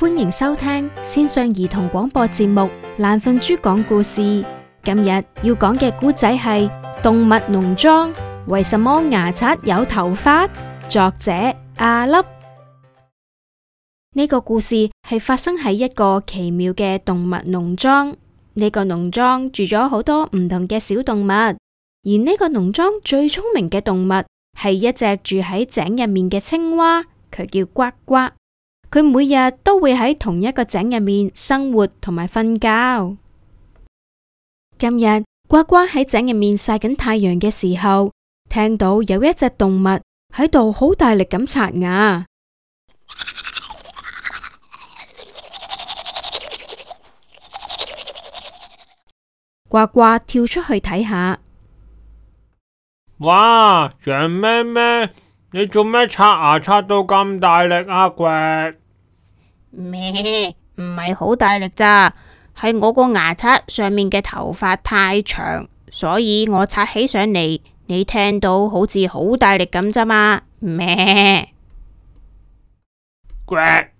歡迎收聽線上兒童廣播節目《爛瞓豬講故事》。今日要講嘅故仔係《動物農莊》，為什麼牙刷有頭髮？作者阿、啊、粒。呢個故事係發生喺一個奇妙嘅動物農莊。呢、這個農莊住咗好多唔同嘅小動物，而呢個農莊最聰明嘅動物係一隻住喺井入面嘅青蛙，佢叫呱呱。佢每日都會喺同一個井入面生活同埋瞓覺。今日呱呱喺井入面曬緊太陽嘅時候，聽到有一隻動物喺度好大力咁刷牙。呱呱跳出去睇下，哇！羊咩咩，你做咩刷牙刷到咁大力啊？骨！咩唔係好大力咋？係我個牙刷上面嘅頭髮太長，所以我刷起上嚟，你聽到好似好大力咁咋嘛。咩、呃？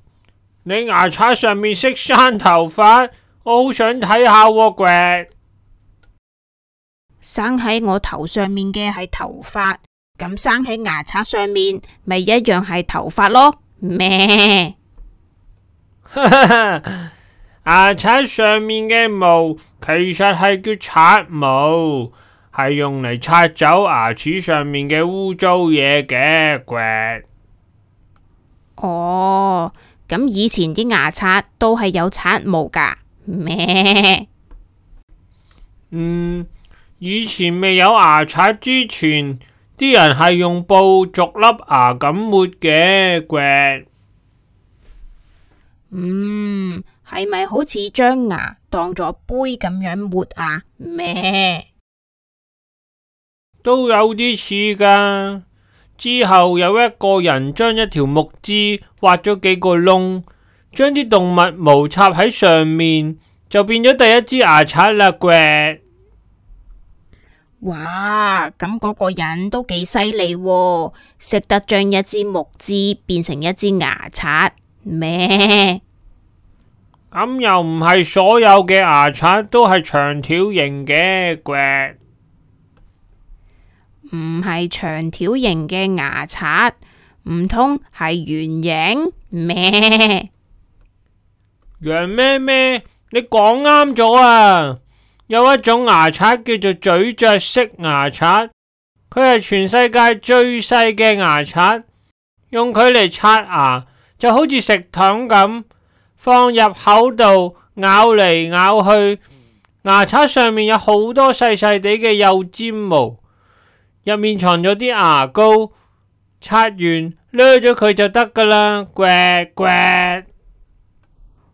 你牙刷上面識生頭髮，我好想睇下喎、啊。咩、呃、生喺我頭上面嘅係頭髮，咁生喺牙刷上面咪一樣係頭髮咯？咩？ 牙刷上面嘅毛其實係叫刷毛，係用嚟刷走牙齒上面嘅污糟嘢嘅。呱 哦，咁以前啲牙刷都係有刷毛㗎咩？ 嗯，以前未有牙刷之前，啲人係用布逐粒牙咁抹嘅。呱 嗯，係咪好似將牙當咗杯咁樣抹啊？咩都有啲似噶。之後有一個人將一條木枝挖咗幾個窿，將啲動物毛插喺上面，就變咗第一支牙刷啦。呃、哇！咁嗰個人都幾犀利，識得將一支木枝變成一支牙刷。咩咁、嗯、又唔係所有嘅牙刷都係長條形嘅？唔、呃、係長條形嘅牙刷，唔通係圓形咩？呃、羊咩咩，你講啱咗啊！有一種牙刷叫做咀嚼式牙刷，佢係全世界最細嘅牙刷，用佢嚟刷牙。就好似食糖咁，放入口度咬嚟咬去，牙刷上面有好多細細哋嘅幼尖毛，入面藏咗啲牙膏，刷完掠咗佢就得噶啦。呱、呃、呱，呃、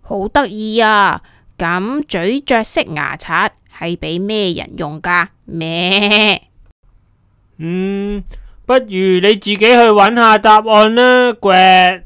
好得意啊！咁，咀嚼式牙刷係俾咩人用噶咩？呃、嗯，不如你自己去揾下答案啦。呃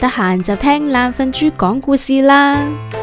得閒就聽爛瞓豬講故事啦～